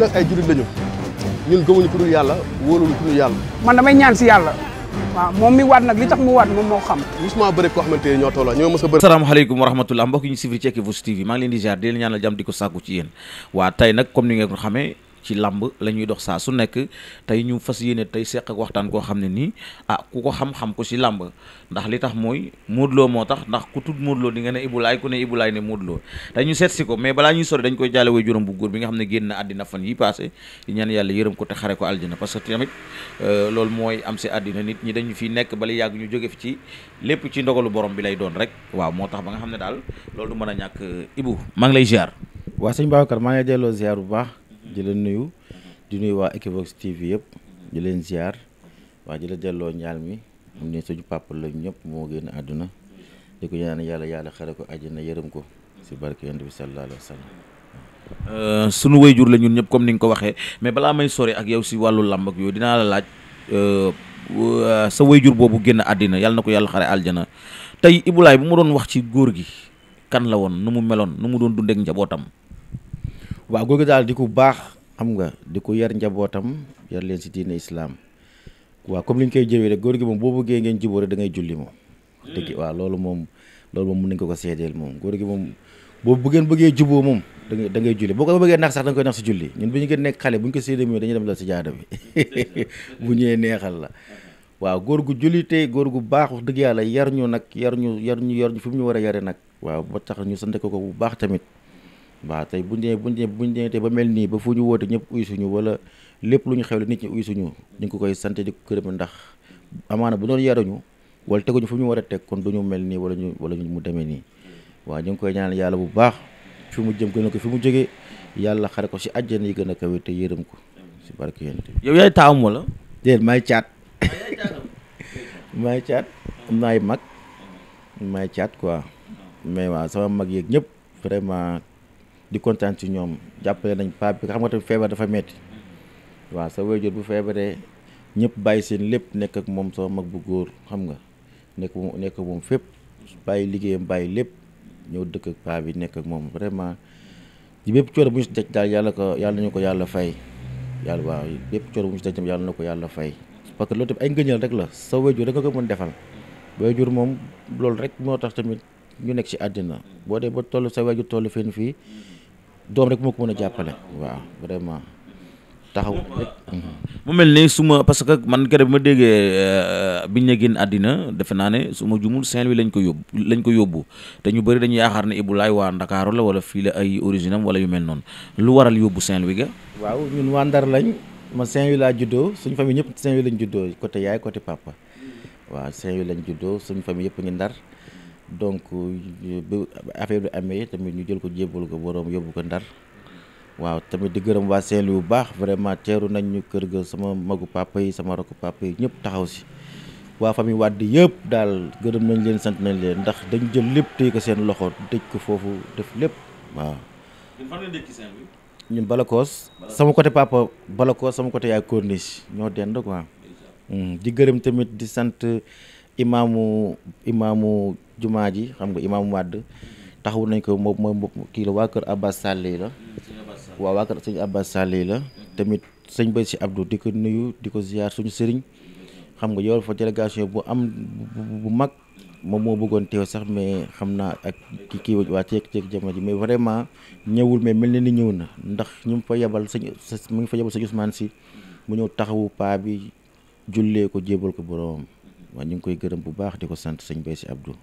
ñun nag ay jullit lañu ñun gëmuñu ku dul yàlla wóoluñu ku dul yàlla. man damay ñaan si yàlla. waaw moom mi waat nag li tax mu waat moom moo xam. musuma bëri koo xamante ne ñoo tolloo ñoo mos a bëri. salaamaaleykum wa rahmatulah mbokk yi ñu suivre Equivox TV maa ngi leen di ziar di leen ñaanal di ko sàkku ci yéen waa tey nag comme ni ngeen ko ci làmb la ñuy dox saa su nekk tey ñu fas yéene tey seq ak waxtaan koo xam ne nii ah ku ko xam-xam ko ci làmb ndax li tax mooy Modou loo moo tax ndax ku tudd Modou Lo di nga ne Ibulaay ku ne Ibulaay ne ko mais balaa ñuy sori dañ koy jaale way juróom bu góor bi nga xam ne génn na àddina fan yi passé di ñaan yàlla yërëm ko te xare ko aljana parce que tamit euh, loolu mooy am si àddina nit ñi dañu fi nekk bala yàgg ñu jóge fi ci lépp ci ndogalu borom bi lay doon rek waaw moo tax ba nga xam ne daal lool du mën a ñàkk Ibu maa lay ziar waa sëñ Babacar maa ngi di la nuyu di nuyu waa Equivox TV yëpp di leen ziar waa di la delloo njaal mi xam ne suñu pàppal la ñëpp moo génn àdduna di ko ñaan yàlla yàlla xare ko àjjana yërëm ko si barke yonent bi sallallahu alayhi wa sallam euh, sunu la ñun ñëpp comme ni nga ko waxee mais balaa may sori ak yow si wàllu làmb ak yooyu dinaa la laaj euh, euh, sa wayjur boobu génn àddina yàlla na ko yàlla xare aljana tey Ibou bu ma doon wax ci góor gi kan la woon nu mu meloon nu mu doon dundeek njabootam waaw googu daal di ku baax xam nga di ko yar njabootam yar leen si diine islaam waa comme li ñu koy jëwee rek góor gi moom boo bëggee ngeen jubóore da ngay julli moom dëgg waaw loolu moom loolu moom mën nañu ko ko seedeel moom góor gi moom boo bëggeen bëggee juboo moom da ngay da julli boo ko bëggee nax sax da nga koy nax si julli ñun bi ñu gën nekk xale bu ñu ko séedee dañuy dem la si bi bu ñëwee neexal la waaw góor gu julli jullite góor gu baax dëgg yàlla yar ñu nag yar ñu yar ñu yar ñu fi ñu war a yare nag waaw ba tax ñu sante ko ko bu baax tamit waaw tey buñ dee buñ dee buñ dee tey ba mel nii ba fu ñu woote ñëpp uy suñu wala lépp lu ñu xewle nit ñi uy suñu ñu ngi ko koy sant di ko gërëm ndax amaana bu doon yaruñu wala teguñu fu ñu war a teg kon du ñu mel nii wala ñu wala ñu mu demee nii waaw ñu ngi koy ñaanal yàlla bu baax fi mu jëm gën a ko fi mu jógee yàlla xare ko si àjjana yi gën a kawe te yërëm ko si barke yéen yow yaay taawam wala déet maay caat maay caat am na ay mag maay caat quoi mais waaw sama mag yeeg ñëpp vraiment di kontaan ci ñoom jàppale nañ paa bi xam nga tamit feebar dafa metti waaw sa waajur bu feebaree ñëpp bàyyi seen lépp nekk ak moom sama mag bu góor xam nga nekk moom nekk moom fépp bàyyi liggéeyam bàyyi lépp ñëw dëkk ak paa bi nekk ak moom vraiment di bépp coono bu ñu si daj daal yàlla ko yàlla ñu ko yàlla fay yàlla waaw bépp coono bu ñu si daj tam yàlla na ko yàlla fay parce que loolu tamit ay ngëñal rek la sa waajur rek nga ko mën defal waajur moom loolu rek moo tax tamit ñu nekk ci àddina boo dee ba toll sa waajur toll fenn fii doom rek moo ko mën a jàppale waaw vraiment taxaw rek. mu mel ni su ma parce que man keroog bi ma déggee euh, biñ ne génn àddina defe naa ne suma jumul seen wi lañ ko yóbbu lañ ko yóbbu te ñu bëri dañu yaakaar ne Ibou Laye waa Ndakaaru la wala fii la ay origine am wala yu mel noonu lu waral yóbbu seen wi ga. waaw ñun waa Ndar lañ man Saint-Louis laa juddoo suñu famille ñëpp saint wi lañ juddoo côté yaay côté papa waaw Saint-Louis lañ juddoo suñu famille yëpp ngi Ndar. donc euh, bu affaire bi amee tamit ñu jël ko jébbal ko boroom yóbbu ko ndar waaw tamit di gërëm waa Saint-Louis bu baax vraiment teeru nañ ñu kër ga sama magu papa yi sama rakku papa yi ñëpp taxaw si waa famille Wade yëpp daal gërëm nañ leen sant nañ leen ndax dañ jël lépp téy ko seen loxo tëj ko foofu def lépp waaw. ñun Balakoos sama côté papa Balakoos sama côté yaay Corniche ñoo dend quoi. Hmm, di gërëm tamit di sant. imaamu imaamu jumaa ji xam nga imaamu Wade taxawu nañ ko moom moom kii la waa kër Abbas Sall yi la waaw waa kër Abbas Sall yi la tamit sañ ba si Abdou di ko nuyu di ko ziyaar suñu sëriñ xam nga yow fa délégation bu am bu mag moom moo bëggoon teew sax mais xam naa ak ki kii waa ceek ceek jamono ji mais vraiment ñëwul mais mel na ni ñëw na ndax ñu ngi fa yebal sëñ mu ngi fa yebal sëñ Ousmane si mu ñëw taxawu paa bi jullee ko jébal ko boroomam waa ñu ngi koy gërëm bu baax di ko sant sëñ Bay si Abdou.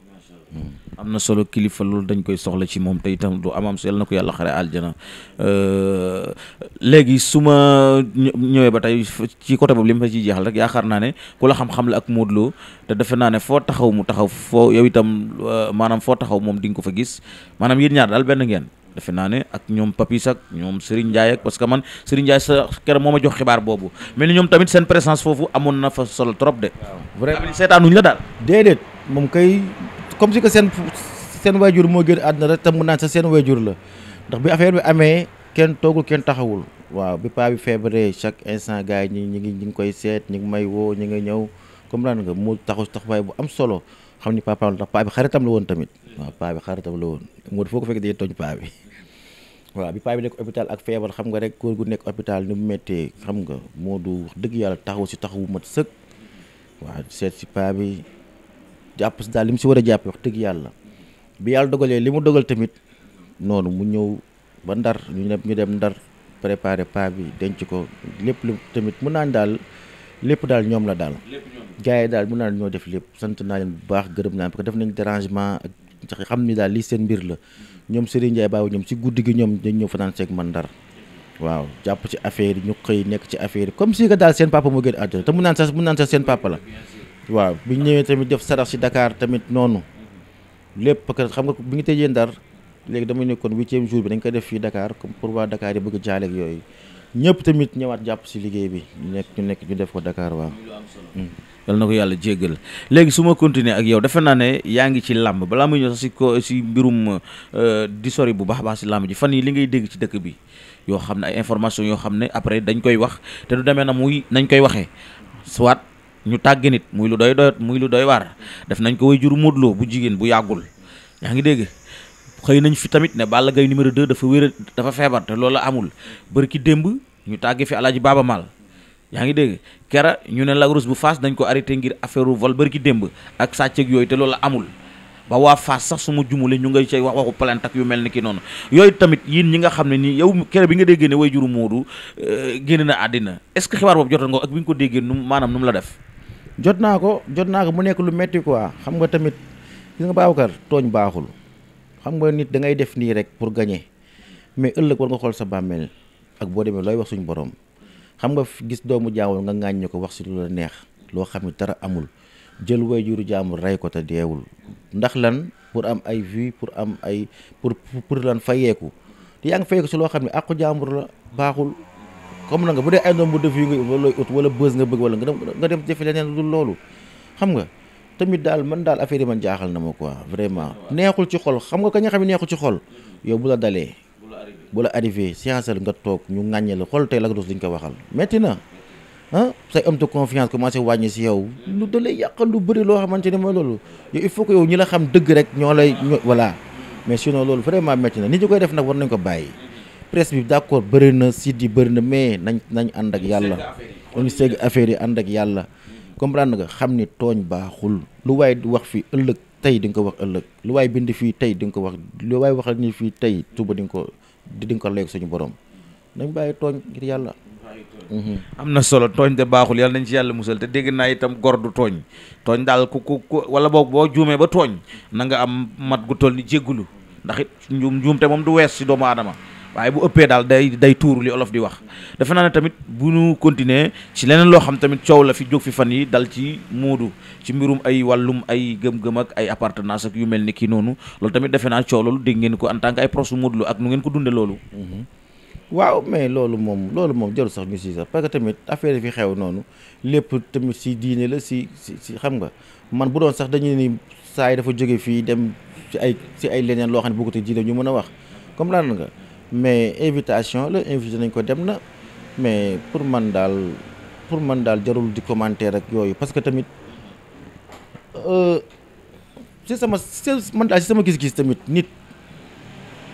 Hmm. am na solo kilifa loolu dañ koy soxla ci moom te itam du amam su yàlla na ko yàlla xare aljana euh, léegi su ma ñëwee ba tey ci côté boobu li ma fa ciy jeexal rek yaakaar naa ne ku la xam-xam la ak Modou Lo te defe naa ne foo taxaw mu taxaw foo yow itam euh, maanaam foo taxaw moom di nga ko fa gis maanaam yéen ñaar daal benn ngeen. defe naa ne ak ñoom Papis ak ñoom Serigne Ndiaye ak parce que man Serigne Ndiaye sa keroog moo a jox xibaar boobu mel ni ñoom tamit seen présence foofu amoon na fa solo trop de. vraiment seetaanuñ la daal. moom kay comme si que seen seen waajur moo gën àdduna rek te mun naan sa seen waajur la ndax bi affaire bi amee kenn toogul kenn taxawul. waaw bi paa bi feebaree chaque instant gars yi ñi ngi ñi ngi koy seet ñi ngi may woo ñi ngi ñëw comme comprendre nga mu taxu taxawaay bu am solo xam ni papaam la ndax paa bi xaritam la woon tamit mm. waaw paa bi la woon moo foo ko fekk tooñ paa bi waaw bi paa bi nekk hôpital ak feebar xam nga rek góor gu nekk hôpital ni mu méttee xam nga moo du wax dëgg yàlla taxaw si taxawu mat sëkk waaw seet si paa bi jàpp si daal li mu si war a jàpp wax dëgg yàlla bi yàlla dogalee li mu dogal tamit noonu mu ñëw ba ndar ñu dem ñu dem ndar préparé paa bi denc ko lépp lu tamit mun naa daal lépp daal ñoom la daal gars yi daal mun naan ñoo def lépp sant naa leen bu baax gërëm naa parce que def nañ dérangement ak xam ni daal lii seen mbir la ñoom Serigne Ndiaye baaw ñoom si guddi gi ñoom dañ ñëw fanaan seeg man Ndar waaw jàpp ci affaire yi ñu xëy nekk ci affaire comme si que daal seen papa moo génn àdduna te mu naan sax mu naan sax seen papa la waaw bi ñëwee tamit def sarax si dakaar tamit noonu lépp parce que xam nga bi ngi tëjee Ndar léegi dama nekkoon huitième jour bi dañ ko def fii dakaar comme pour waa Dakar yi bëgg jaaleeg yooyu ñëpp tamit ñëwaat jàpp si liggéey bi ñu nekk ñu nekk ñu def ko Dakar waaw. Mm. yal na ko yàlla jéggal léegi su ma continuer ak yow defe naa ne yaa ngi ci làmb balaa muy ñëw sax si ko si mbirum euh, di sori bu baax baax si làmb ji fan yi li ngay dégg ci dëkk bi yoo xam ne ay information yoo xam ne après dañ koy wax te du demee na muy nañ koy waxee soit ñu tàgge nit muy lu doy doyot muy lu doy waar def nañ ko way juru Modou bu jigéen bu yàggul yaa ngi dégg xëy nañ fi tamit ne Balla gay numéro de dafa wér dafa feebar te loolu amul bari ki démb ñu tàggee fi alaaji Baaba mal yaa ngi dégg kera ñu ne Lac Rose bu Fass dañ ko arrêté ngir affaire vol bari ki démb ak sàcc yooyu te loolu amul ba waa Fass sax suma ma ñu ngay cee wax waxu plainte ak yu mel ni ki noonu yooyu tamit yéen ñi nga xam ne nii yow kere bi nga déggee ne way juru Moodu euh, génn na àddina est-ce que xibaar boobu jotoon nga ak bi ñu ko déggee nu maanaam mu la def jot naa ko jot naa ko mu nekk lu metti quoi xam nga tamit gis nga Babacar baaxul xam nga nit da ngay def nii rek pour gañee mais ëllëg war nga xool sa bàmmeel ak boo demee looy wax suñu borom xam nga gis doomu jaamul nga ŋàññi ko wax si lu la neex loo xam ne dara amul jël woy juru jaamul rey ko te deewul ndax lan pour am ay vues pour am ay pour pour lan fayeeku te yaa ngi fayeeku si loo xam ne àqu jaamur la baaxul comme na nga bu dee ay doom bu def yu nga looy ut wala bës nga bëgg wala nga dem nga dem defi leneen dul loolu xam nga. tamit daal man daal affaire yi man jaaxal na ma quoi vraiment neexul ci xol xam nga ka nga xam ne neexul ci xol yow bu la dalee bu la arrivé science nga toog ñu ŋàññe la xol tey la dos liñ ko waxal metti na ah say am de confiance commencé wàññi si yow lu da lu bëri loo xamante ne mooy loolu yow il faut yow ñi la xam dëgg rek ñoo lay voilà mais sinon loolu vraiment metti na nit ñi koy def nag war nañ ko bàyyi presse bi d'accord bëri na site yi bëri na mais nañ nañ ànd ak yàlla dañu seeg affaire yi ànd ak yàlla comprendre nga xam ni tooñ baaxul lu waaye di wax fi ëllëg tey dinga ko wax ëllëg lu waaye bind fii tey di nga ko wax lu waay waxal ni fii tey tuba di nga ko di nga ko léegi suñu borom nañ bàyyi tooñ ngir yàlla. Mhm. am na solo tooñ de baaxul yàlla nañ ci yàlla musal te dégg naa itam gor du tooñ tooñ daal ku ku ku wala boog boo juumee ba tooñ na nga am mat gu toll ni jéggulu ndax it njuum njuum te moom du wees si doomu aadama. waaye bu ëppee daal day day tuuru li olof di wax defe naa ne tamit bu ñu continuer ci leneen loo xam tamit coow la fi jóg fi fan yi dal ci Moodu ci mbirum ay wàllum ay gëm-gëm ak ay appartenance yu mel ni kii noonu loolu tamit defe naa coow loolu ngeen ko en tant que ay proche Moodu ak ngeen ko dunde loolu mhm. waaw mais loolu moom loolu moom jarul sax ñu si sax parce que tamit affaire yi xew noonu lépp tamit si diine la si si xam nga man bu doon sax dañu ni saa yi dafa jóge fii dem ci ay ci ay leneen loo xam ne bëggu te diine ñu mën a wax comme comprendre nga mais invitation la invité nañ ko dem na mais pour man daal pour man daal jarul di commenter rek yooyu parce que tamit euh, si sama si man daal si sama gis-gis tamit nit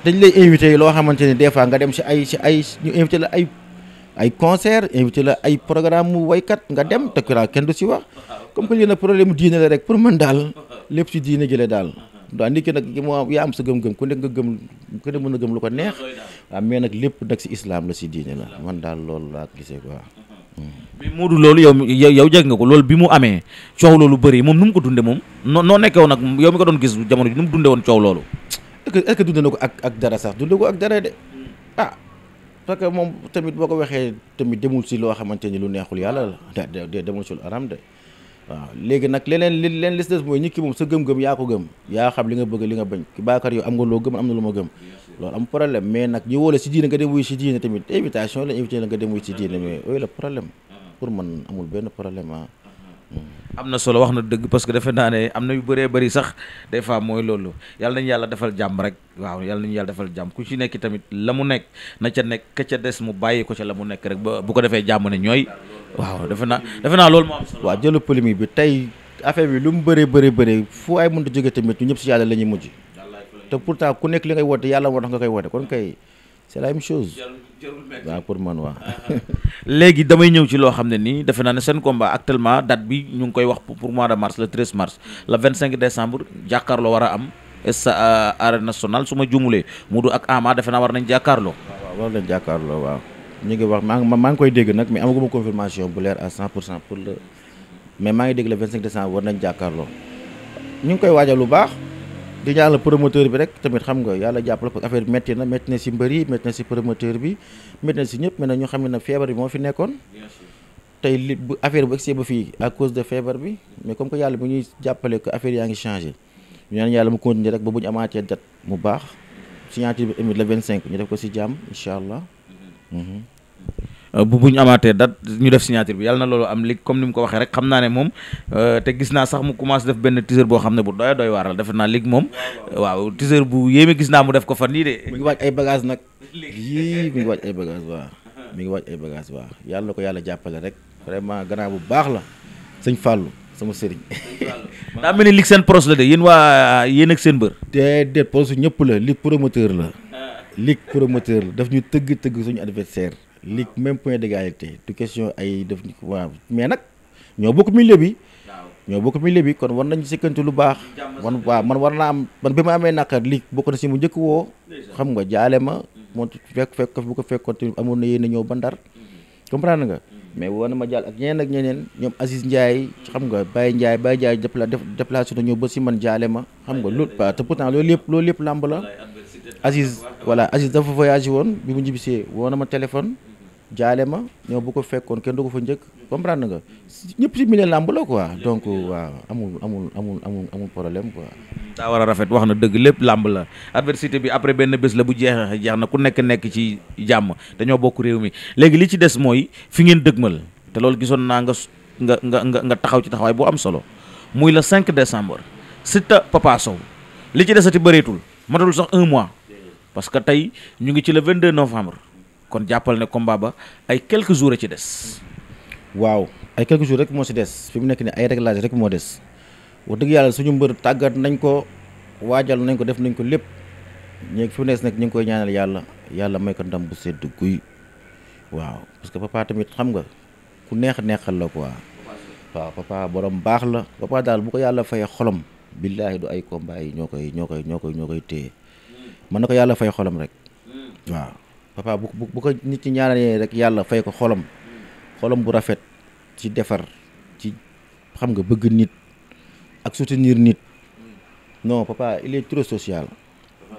dañ lay invité loo xamante ne des fois nga dem si ay si ay ñu invité la ay ay concert invité la ay programme mu waykat nga dem te kenn du si wax comme que lii na problème diine la rek pour man daal lépp si diine gi la daal. waaw nit ki nag moo am sa gëm-gëm ku nekk nga gëm ku ne mën na gëm lu ko neex waaw mais nag lépp nag si islaam la si diine la man daal loolu laa gisee quoi. Mm-hmm. mais Modou loolu yow yow jeg nga ko loolu bi mu amee coow loolu bëri moom nu mu ko dundee moom noo noo nekkee woon nag yow mi ko doon gis jamono ji nu mu dunde woon coow loolu est-ce que na ko ak ak dara sax dunde ko ak dara de mm. ah parce que moom tamit boo ko waxee tamit demul si loo xamante ni lu neexul yàlla la demul si aram de waaw léegi nag leneen li leen li des mooy nit ki moom sa gëm-gëm yaa ko gëm yaa xam li nga bëgg li nga bañ ki baakaar yow am nga loo gëm am na lu ma gëm loolu am problème mais nag ñu wóole si diine nga dem wuy si diine tamit invitation la invité la nga dem wuy si diine mais ooyu la problème pour man amul benn problème ah hmm. am na solo wax na dëgg parce que defe naa ne am na yu bëree bëri sax des fois mooy loolu yàlla nañu yàlla defal jàmm rek waaw yàlla nañu yàlla defal jàmm ku ci nekk tamit la mu nekk na ca nekk ka ca des mu bàyyi ko ca la mu nekk rek ba bu ko defee jàmm ne ñooy waaw defe naa defe naa loolu moo am solo. waaw jëlu polémique bi tey affaire bi lu mu bëree bëri bëri foo ay mënta jóge tamit ñu ñëpp si yàlla la ñuy mujj te pourtant ku nekk li ngay woote yàlla moo tax nga koy woote kon kay c'est pour man waaw. léegi damay ñëw ci loo xam ne nii defe naa ne seen combat actuellement date bi ñu ngi koy wax pour mois de mars la 13 mars le 25 décembre jàkkaarloo war a am sa euh, arène nationale su ma jumulee mu du ak amaa defe naa war nañ jàkkaarloo. waaw war nañ waaw. ñu ngi wax maa ngi maa ngi koy dégg nag mais amaguma confirmation bu leer à 100 pour cent pour le mais maa ngi dégg le 25 décembre war nañ jàkkaarloo ñu ngi koy waajal lu baax di ñaanal promoteur bi rek tamit xam nga yàlla jàppale ko affaire bi métti na métti na mbër yi métti na si promoteur bi métti na xam ne feebar bi moo fi nekkoon. tey li bu affaire bu egsee ba fii à cause de feebar bi mais comme que yàlla bu ñuy jàppale que affaire yaa ngi changé ñu naan yàlla mu continuer rek ba bu ñu amaatee date mu baax signature bi vingt cinq ñu def ko si jàmm incha allah. Mm-hmm. Mm-hmm. Euh, bu buñ amaatee da ñu def signature bi yàlla na loolu am li comme ni mu ko waxee rek xam naa ne moom euh, te gis naa sax mu commencé def benn teaser boo xam ne bu doy doy waaral defe naa léegi moom waaw teaser bu yéeme gis naa mu def ko fa yii de. mi ngi waaj ay bagage nag yii mi ngi waaj ay bagage waa mi ngi waaj ay bagage waaw yàlla ko yàlla jàppale rek vraiment gannaaw bu baax la sañ Fallou sama sëriñ. daa mel ni lig seen pros la de yéen waa yéen ak seen bër. déedéet pros ñëpp la lig promoteur la. Ah. lig promoteur la daf ñu tëgg tëgg suñu adversaire. li même point d'égalité du question ay def ni waaw mais nag ñoo bokk milieu bi. ñoo bokk milieu bi kon war nañu sëkkanti lu baax. man waaw man war naa am man bi ma amee naqar li bokk na si mu njëkk woo. xam nga jaale ma. Mhm. moo fekk fekk bu ko fekkoon amoon na yéen a ñëw ba ndar. Mhm. comprendre nga. Mhm. mais woo na ma jàll ak ñeneen ñeneen ñoom Aziz Ndiaye xam nga Baye Ndiaye Baye Ndiaye dépla déplacé na ñëw ba si man jaale ma xam nga loolu te pourtant loolu yëpp loolu yëpp làmb la Aziz voilà Aziz dafa voyagé woon bi mu njibisee woo na ma téléphone jaale ma ñëw bu ko fekkoon kenn du ko fa njëkk comprendre nga ñëpp ci milieu làmb la quoi donc waaw amul amul amul amul amul problème quoi. daa war a rafet wax na dëgg lépp làmb la adversité bi après benn bés la bu jeexee jeex na ku nekk nekk ci jàmm dañoo bokk réew mi léegi li ci des mooy fi ngeen dëgmal te loolu gisoon naa nga nga nga nga taxaw ci taxawaay boo am solo muy le 5 décembre Siteu Papa Sow li ci desati bëreetul matul sax un mois parce que tey ñu ngi ci le 22 novembre. kon jàppal ne combat ba ay quelques jours a ci des. waaw ay quelques jours rek moo ci des fi mu nekk nii ay réglage rek moo des wax dëgg yàlla suñu mbër tàggat nañ ko waajal nañ ko def nañ ko lépp ñeeg fi mu nekk nag ñu ngi koy ñaanal yàlla yàlla may ndam bu sedd guy. waaw parce que papa tamit xam nga ku neex neexal la quoi. waaw papa borom baax la. papa daal bu ko yàlla fay xolam. billaahi du ay combat yi ñoo koy ñoo koy ñoo koy ñoo koy téye mën na ko yàlla fay xolom rek hmm. waaw. papa bu bu ko nit ñi ñaanalee rek yàlla fay ko xolam xolam bu rafet ci defar ci xam nga bëgg nit ak soutenir nit non papa il est trop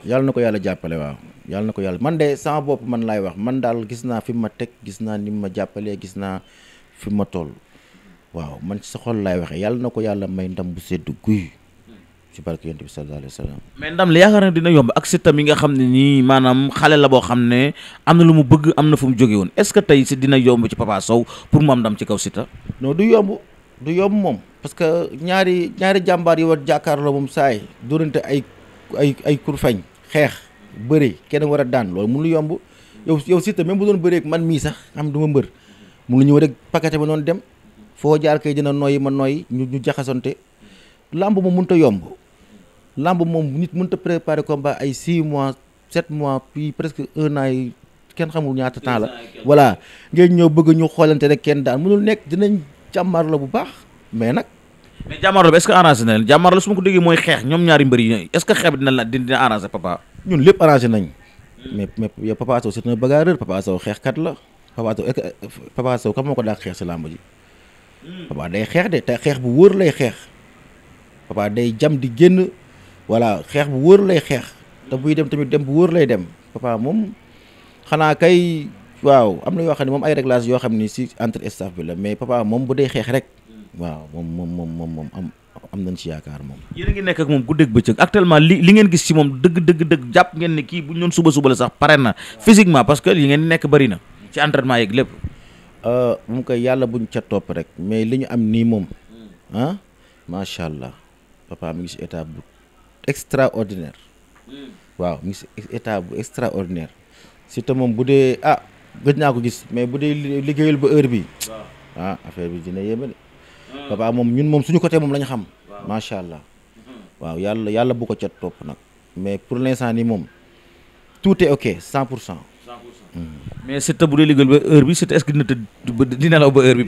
yàlla na ko yàlla jàppale waaw yàlla na ko yàlla man de sama bopp man laay wax man daal gis naa fi ma teg gis naa ni ma jàppalee gis naa fi ma toll waaw man ci sa xol laay waxee yàlla na ko yàlla may ndam bu sedd guy ci barke yonent bi sallallahu alayhi wa sallam mais ndam li yaakaar na dina yomb ak Siteu mi nga xam ne nii maanaam xale la boo xam ne am na lu mu bëgg am na fu mu jóge woon ce que tey si dina yomb ci Papa Sow pour mu am ndam ci kaw Siteu non du yomb du yomb moom parce que ñaari ñaari jàmbaar yi war jàkkaarloo moom saay durante ay ay ay kurfañ xeex bëri kenn war a daan loolu mënul yomb yow yow Siteu même bu doon bëree man mii sax am du ma mbër mënul ñëw rek paquet bi noonu dem foo jaar kay dina nooyi ma nooyi ñu ñu jaxasante lamb moom mënut a yomb làmb moom nit mënut a préparer combat ay 6 mois 7 mois puis presque un an kenn xamul ñaata temps la. voilà ngeen ñëw bëgg ñu xoolante rek kenn daan mënul nekk dinañ jàmmaar la bu baax mais nag. mais jàmmaarloo bi est na leen jàmmaarloo su mooy xeex ñoom ñaari mbër yi que xeex bi dina la dina arrangé papa. ñun lépp arrangé nañ. Hmm. mais mais yow Papa Sow c'est un bagarreur Papa Sow xeexkat la Papa Sow moo ko daa xeex si làmb ji. Hmm. Papa day xeex de te xeex bu wër lay xeex. Papa day jam di génn voilà xeex bu wóor lay xeex te buy dem tamit dem bu wóor lay dem papa moom xanaa kay waaw am na yoo xam ne moom ay réglage yoo xam ni si entre staff bi la mais papa moom bu dee xeex rek waaw moom moom moom moom moom am am nañ ci yaakaar moom. yéen a nekk ak moom guddeeg bëccëg actuellement li li ngeen gis ci moom dëgg dëgg jàpp ngeen ni kii bu ñoon suba suba sax pare na physiquement parce que li ngeen di nekk bëri na mu euh, koy yàlla buñ ca topp rek mais li ñu am nii moom ah macha allah papa mi ngi si état bu extraordinaire waaw mi ngi si état bu extraordinaire Siteu moom bu dee ah gëj naa ko gis mais bu dee liggéeyul ba heure bi ah affaire bi dina yéeme de hmm. papa moom ñun moom suñu côté moom lañu xam macha allah hmm. waaw yàlla yàlla bu ko cat topp nag mais pour l'instant nii moom tout est ok cent pour cent mais Siteu bu dee liggéey ba heure bi Siteu est-ce que dina tëdd dina nelaw ba heure bi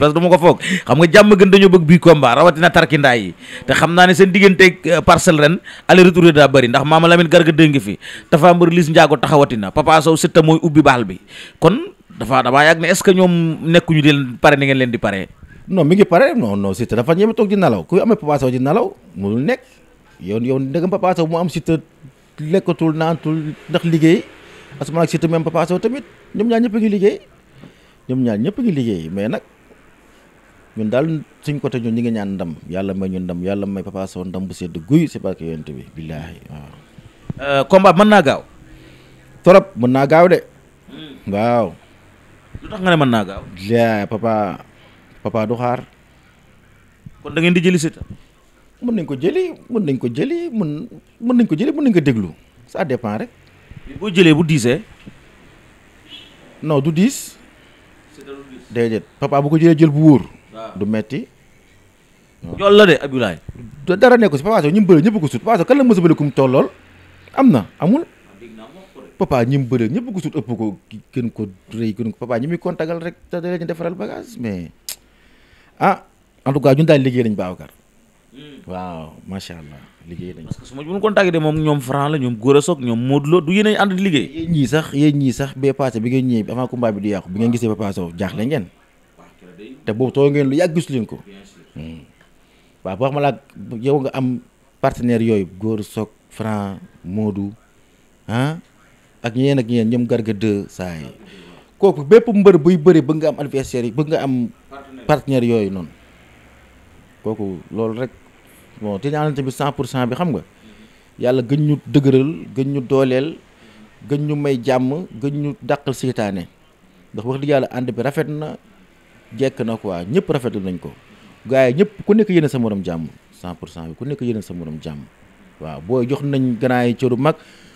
parce seen digganteeg euh, parcelle ren aller retour daa bëri ndax maama Lamine Garga dégg nga fi Tapha Mbeur Liss Ndiago taxawatina Papa Sow Siteu mooy ubbi baal bi kon dafa damaa yàgg ne est que ñoom nekkuñu di leen pare ni ngeen leen di pare. non mi ngi pare non non Siteu dafa ñeme toog di nalaw ku amee Papa Sow di nalaw mënul nekk yow yow ndegam mu am Siteu lekkatul naantul ndax liggéey Asma ak Siteu même Papa Sow tamit ñoom ñaar ñëpp ngi liggéey ñoom ñaar ñëpp a ngi liggéey mais nag ñun daal suñ côté ñun ñi ngi ñaan ndam yàlla may ñu ndam yàlla may Papa Sow ndam bu sedd guy si barke yonent bi billaahi waaw. Euh, combat mën naa gaaw. torop mën naa gaaw de. Hmm. waaw. lu tax nga ne mën naa gaaw. jaa papa papa du xaar. kon dangeen di jëli Siteu. mën nañ ko jëli mën nañ ko jëli mën mën nañ ko jëli mën nañ ko déglu ça dépend rek. boo jëlee bu diisee. non du diis. déedéet papa bu ko jëlee jël bu wóor. Ah. du metti jool la de Abdoulaye. dara nekku si papa Sow ñi mu bëre ñëpp ko sut papa Sow kan la mos a bëre ku mu tollool am na amul. Ah, papa ñi mu bëre ñëpp ko sut ëpp ko gën ko rëy gën ko papa ñi muy kontagal rek te da ñu defaral bagage mais a ah, en tout cas ñun daal liggéey lañ Babacar Mm. waaw macha allah liggéey nañ parce que su ma buñu contacté de moom ñoom Franc la ñoom Gora Sock ñoom Modou du yéen a ànd di liggéey yéen ñii sax yéen ñii sax bee passé bi ngeen ñëwee avant combat bi du yàqu bi ngeen gisee Papa Sow jaaxle ngeen te boobu too ngeen lu yàgg gis leen ko hmm. waaw wax ma laa yow nga am partenaire yooyu góor Sock Franc Modou ah ak ñeen ak ñeen ñoom Garga 2 kooku bépp mbër buy bëri bëgg nga am adversaire yi bëgg nga am partenaire yooyu noonu kooku loolu rek bon te ñaanal tamit 100 pour cent bi xam nga yàlla gën ñu dëgëral gën ñu dooleel gën ñu may jàmm gën ñu dàqal seytaane ndax wax dëgg yàlla ànd bi rafet na jekk na ko quoi ñëpp rafetlu nañ ko gars yi ñëpp ku nekk yéene sa morom jàmm 100 pour cent bi ku nekk yéene sa moroom jàmm waaw booy jox nañ grand yi cëru mag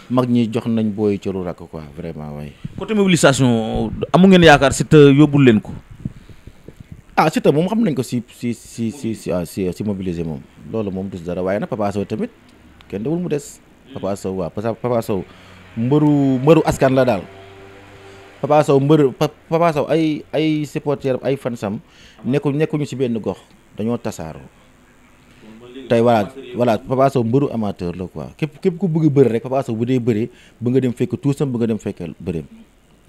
mag ñi jox nañ booy cëru rakk quoi vraiment waaye. côté mobilisation amu ngeen yaakaar Siteu yóbbul leen ko. ah Siteu moom xam nañ ko si si si si si ah, moom loolu moom dus dara waaye nag Papa Sow tamit kenn dewul mu des Papa Sow waaw parce que Papa Sow mbëru askan la daal Papa mbër Papa Sow ay ay supporter ay fansam nekku nekkuñu si benn gox dañoo tasaaroo te voilà voilà Papa Sow mbëru amateur la quoi képp képp ku bëgg bëri rek Papa bu dee bëree bu nga dem fekk tuusam bu nga dem fekk bëreem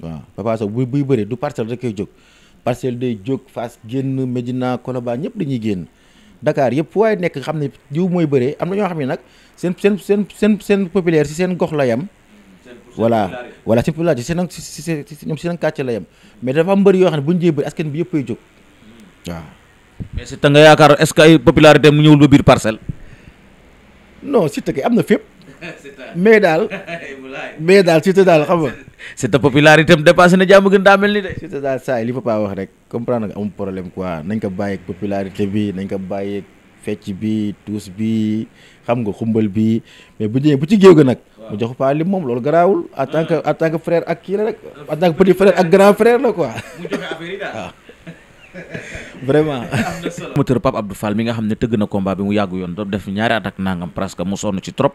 waaw Papa Sow buy bëree du parcelle rek koy jóg parcelle day jóg Fass génn Médina Colobane ñëpp dañuy génn dakaar yëpp waaye nekk xam ne jiw mooy bëree am na ñoo xam ne nag seen seen seen seen seen populaire si seen gox la yam voilà voilà seen populaire si seen si seen ñoom kàcc la yam mais dafa am mbër yoo xam ne bu ñu jee bëri askan bi yëpp ay jóg waaw. mais si ta yaakaar est-ce que ay popularité mu ñëwul ba biir parcelle. no si tëgg am na fépp. mais daal mais daal Siteu daal xam nga. Siteu popularité am dépassé na jàmm gën daa mel ni de. Siteu daal saa yi li papa wax rek comprendre nga amul problème quoi nañ ko bàyyi ak popularité bi nañ ko bàyyi fecc bi tuus bi xam nga xumbal bi mais bu ñëwee bu ci géew ga nag. mu jox paa li moom loolu garaawul. en tant que ah. en tant ak kii la rek. Ah, en tant que petit frère ak grand frère la quoi. mu joxe affaire yi daal waaw. vraiment. nga xam ne tëgg na combat bi mu yàggu yoon doon def ñaari at nangam presque mu sonn ci trop.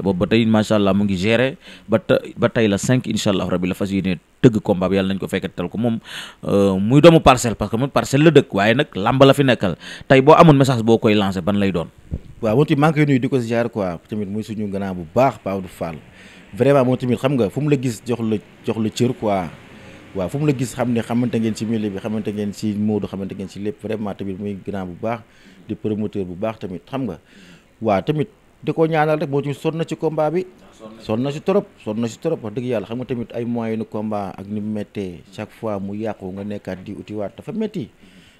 te boobu ba tey macha allah mu ngi gérer ba tey ba tey la 5 incha allah rabi la fas yéene tëgg combat bi yàlla nañ ko fekk tal ko moom euh, muy doomu parcelle parcelle la dëkk waaye nag làmb la fi nekkal tey boo amoon message boo koy lancé ban lay doon. waaw moom tamit maa ngi koy nuyu di ko ziar quoi tamit muy suñu gànnaaw bu baax Pape Fall vraiment moom tamit xam nga fu la gis jox la jox la cër quoi. waaw fu la gis xam ne xamante ngeen ci milieu bi xamante ngeen ci Modou bu baax tamit xam nga waaw di ko ñaanal rek moo ci sonn na ci combat bi sonn na si trop sonn na si trop wax dëgg yàlla xam nga tamit ay moyens nu combat ak ni mu méttee chaque fois mu yàqu nga nekkaat di utiwaat dafa métti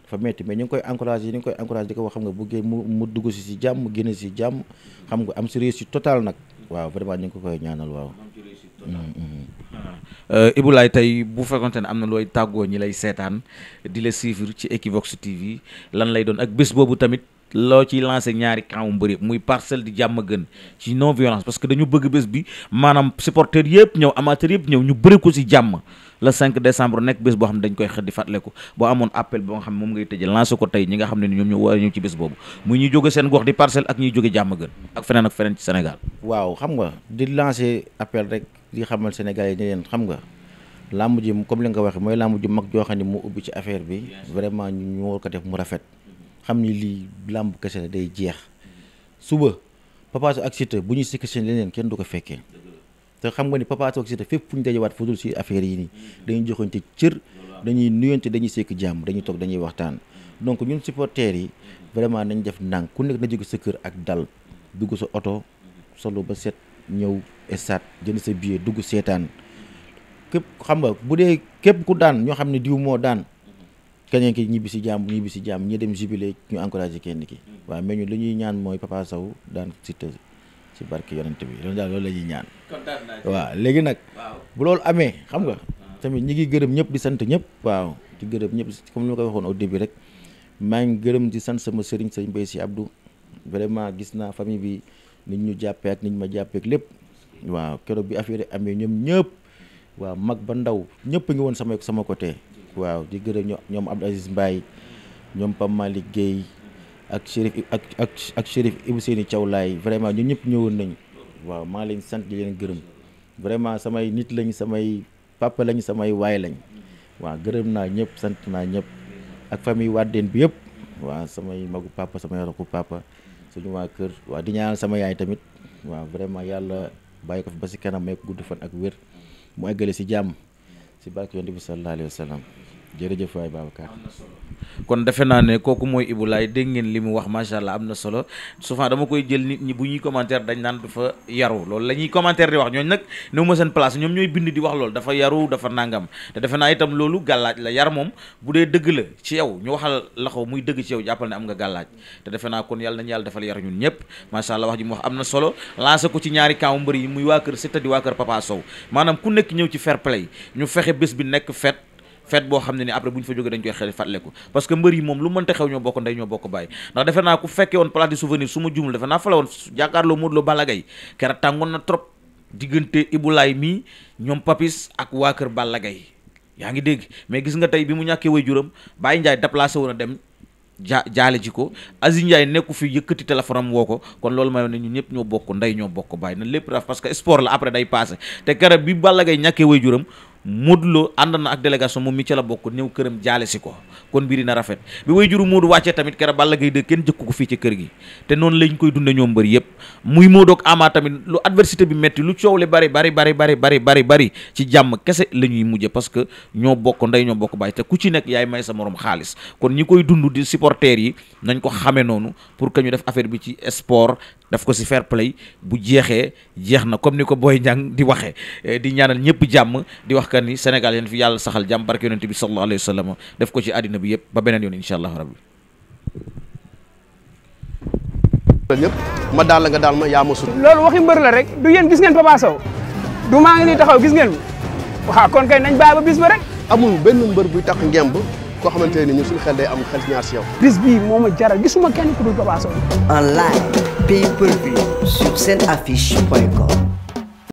dafa metti mais ñu ngi koy encouragé ñu ngi koy encouragé di ko wax xam nga bu gé mu mu dugg si si jàmm génn si jàmm xam nga am si réussite totale nag waaw vraiment ñu ngi koy ñaanal waaw mm, mm, mm. Euh, Ibou tey bu fekkonte ne am na looy tàggoo ñi lay seetaan di la suivre ci Equivox TV lan lay doon ak bés boobu tamit loo ciy lancé ñaari camp mbëri muy parcelle di jàmm gën ci non violence parce que dañu bëgg bés bi maanaam supporter yëpp ñëw amateur yëpp ñëw ñu bëri ko si jàmm le 5 décembre nekk bés boo boo xam ne moom ngay tëjee lancé ko tey ñi a ñëw ci bés boobu muy ñuy jóge seen gox di parcelle ak ñuy jóge jàmm gën ak feneen ak feneen ci Sénégal waaw xam nga di lancé appel rek di xamal Sénégalais yi ne leen xam nga làmb ji comme li nga ko waxee mooy làmb ji mag joo xam ne mu ubbi ci affaire bi vraiment ñu war ko def mu rafet xam ni lii làmb kese la day jeex suba Papa Sow ak Siteu bu ñu sikk seen leneen kenn du ko fekkee te xam nga ni Papa Sow ak Siteu fépp fu ñu dajewaat fu dul si affaire yi nii dañuy joxante cër dañuy nuyante dañuy sekk jàmm dañuy toog dañuy waxtaan donc ñun supporters yi vraiment nañ def ndànk ku nekk na jóge sa kër ak dal dugg sa oto solo ba set ñëw stade jënd sa billet dugg seetaan képp xam nga bu dee képp ku daan ñoo xam ne diw moo daan keneen ki ñibbi si jàmm ñibbi si jàmm ñi dem jubilé ñu encouragé kenn ki mm. waaw mais ñun li ñuy ñaan mooy Papa Sow daan Siteu ci barke yonent bi loolu daal loolu la ñaan waaw léegi nag bu loolu amee xam nga mm. tamit ñi ngi gërëm ñëpp di sant ñëpp waaw di gërëm ñëpp comme ni ma ko waxoon au début rek maa ngi gërëm di sant sama sëriñ sëriñ Mbaye Sy Abdou vraiment gis naa famille bi nit ñu jàppee ak nit ma jàppee lépp waaw keroog bi affaire amee ñoom ñëpp waaw mag ba ndaw ñëpp ngi woon sama sama côté waaw di gërëm ñoom Abdou Aziz mbaay ñoom pam Malick liggéey ak Chérif ak ak ak Chérif Ibou Seyni Thiaw Laye vraiment ñun ñëpp ñëwoon nañ waaw maa leen sant di leen gërëm vraiment samay nit lañ samay papa lañ samay waay lañ waaw gërëm naa ñëpp sant naa ñëpp ak famille Wadeen bi yëpp waaw samay magu papa samay rakku papa suñu waa kër waaw di ñaanal sama yaay tamit waaw vraiment yàlla bàyyi ko fi ba si kanam may ko gudd fan ak wér mu eggale si jàmm ci barke yonent bi sallallahu alayhi wa sallam jërëjëf waay Babacar kon defe naa ne kooku mooy Ibou Laye dégg ngeen li mu wax macha la am na solo souvent dama koy jël nit ñi bu ñuy commentaire dañ naan dafa yaru loolu la ñuy commentaire di wax ñooñ nag néew ma seen place ñoom ñooy bind di wax loolu dafa yaru dafa nangam te defe naa itam loolu gàllaaj la yar moom bu dee dëgg la ci yow ñu waxal la muy dëgg ci yow jàppal ne am nga gàllaaj te defe naa kon yàlla nañu yàlla defal yar ñun ñëpp macha allah wax am na solo lancé ko ci ñaari camp mbër yi muy waa kër Siteu di waa kër Papa Sow maanaam ku nekk ñëw ci fair play ñu fexe bés fête boo xam ne ni après bu ñu fa jógee dañ koy xel fàttaliku parce que mbër yi moom lu mënta xew ñoo bokk ndey ñoo bokk bàyyi ndax defe naa ku na ñoom Papis ak waa kër Balla Gaye yaa ngi dégg mais gis nga tey bi mu ñàkkee waajuram Baye Ndiaye déplacé woon dem ja jaale ji ko Aziz Ndiaye nekku fi yëkkati téléphone woo ko kon loolu may ne ñun ñëpp ñoo bokk ndey ñoo bokk bàyyi na lépp raf parce que sport la après day passé te kera bi Balla Gaye ñàkkee waajuram Modou Lo ànd na ak délégation moom mi ca la bokk ñëw këram jaale si ko kon mbiri na rafet bi way juru moodu wàccee tamit kera Balla Gaye de kenn jëkku ko fii ci kër gi te noonu lañ koy dunde ñoom mbër yëpp muy Modou Ama tamit lu adversité bi metti lu coow li bari bari bari bari bari bari bari ci jàmm kese la ñuy mujje parce que ñoo bokk ndey ñoo bokk bàyyi te ku ci nekk yaay may sa moroom xaalis kon ñi koy dund di supporters yi nañ ko xame noonu pour que ñu def affaire bi ci sport daf ko si fair play bu jeexee jeex na comme ni ko booy Niang di waxee eh, di ñaanal ñëpp jàmm di wax ka ni Sénégal yéen fi yàlla saxal jàmm barke bi sallallahu alayhi wa def ko ci àddina bi yëpp ba beneen yoon incha allah rabbi ñëpp ma daal la nga daal ma yaa ma sut loolu waxi mbër la rek du yéen gis ngeen Papa Sow du maa ngi nii taxaw gis ngeen mi waaw kon kay nañ bàyyi ba bis ba rek amul benn mbër buy tax ngemb koo xamante ne ñun suñu xel day am xel ñaar si yow. bis bii moo ma jaral gisuma kenn ku dul Papa Sow. en live pay per view sur seen point com.